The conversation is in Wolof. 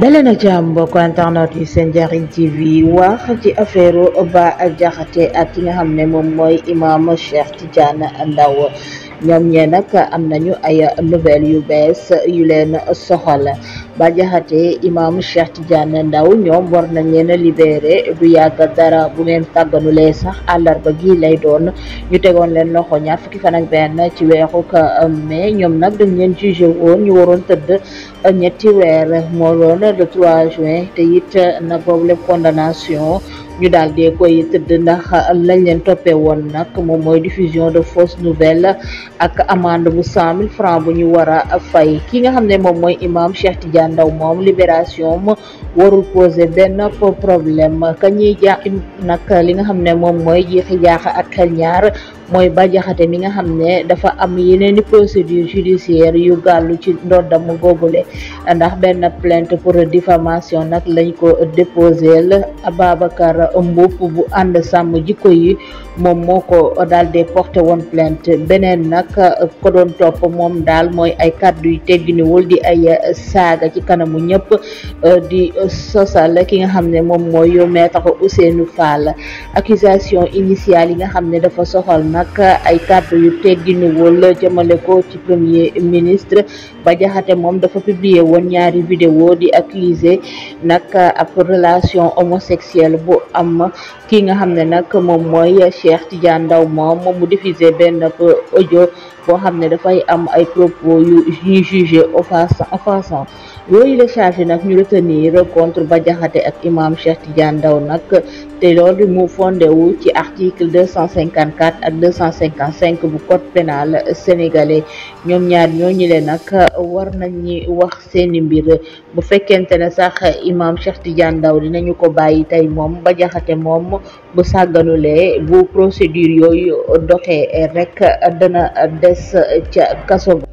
dalee na jàmm mbokk internet yi seen njariñ tv wax ci affaire Bah Diakhaté ak ki nga xam ne moom mooy imam Cheikh Tidiane Ndao ñoom ñee nag am nañu ay nouvelles yu bees yu leen soxal Bah Diakhaté imam Cheikh Tidiane Ndao ñoom war nañ leen a libéré du yàgg dara bu ngeen tàgganulee sax àllarba gi lay doon ñu tegoon leen loxo ñaar fukki fan ak benn ci weeru mai ñoom nag dañ leen jugé woon ñu waroon tëdd ñetti weer moo doon le 3 te it na boobu condamnation ñu daal di koy tëdd ndax lañ leen toppee woon nag moom mooy diffusion de fausse nouvelle ak amende bu cent mille francs bu ñu war a fay ki nga xam ne moom mooy imaam Cheikh Tidiane Ndaw moom libération warul poser benn problème ka ñuy jaax nag li nga xam ne moom mooy jiixi jaax ak xel ñaar mooy Bah Diakhaté mi nga xam ne dafa am yeneen i procédure judiciaire yu gàllu ci ndoddam googule ndax benn plainte pour diffamation nag lañ ko déposel Ababacar Mboup bu ànd sàmm jikko yi moom moo ko daal di porté woon plainte beneen nag ko doon topp moom daal mooy ay kàddu yu tegginiwul di ay saaga ci kanamu ñëpp euh, di sosal ki nga xam ne moom mooy yow maître Ousseynou Fall accusation initiale yi nga xam ne dafa soxal nag ay kàddu yu tegginuwul jëmale ko ci premier ministre ba jaxate moom dafa publier woon ñaari vidéo di accuser nag ab relation homosexuelle bu am ki nga xam ne nag moom mooy Cheikh Tidiane Ndao moom moom mu diffusé benn audio boo xam ne dafay am ay propos yu ñuy jugé offensant yooyu la chargé nag ñu retenir contre Bah Diakhaté ak imam Cheikh Tidiane Ndao nag te loolu mu fondewu wu ci article deux cent cinquante quatre ak deux cent cinquante cinq bu code pénal sénégalais ñoom ñaar ñooñu le nag war nañ ñi wax seeni mbir bu fekkente ne sax imam Cheikh Tidiane Ndao dinañu ko bàyyi tey moom ba jaxate moom bu sàgganulee bu procédure yooyu doxe rek dana des ca kaso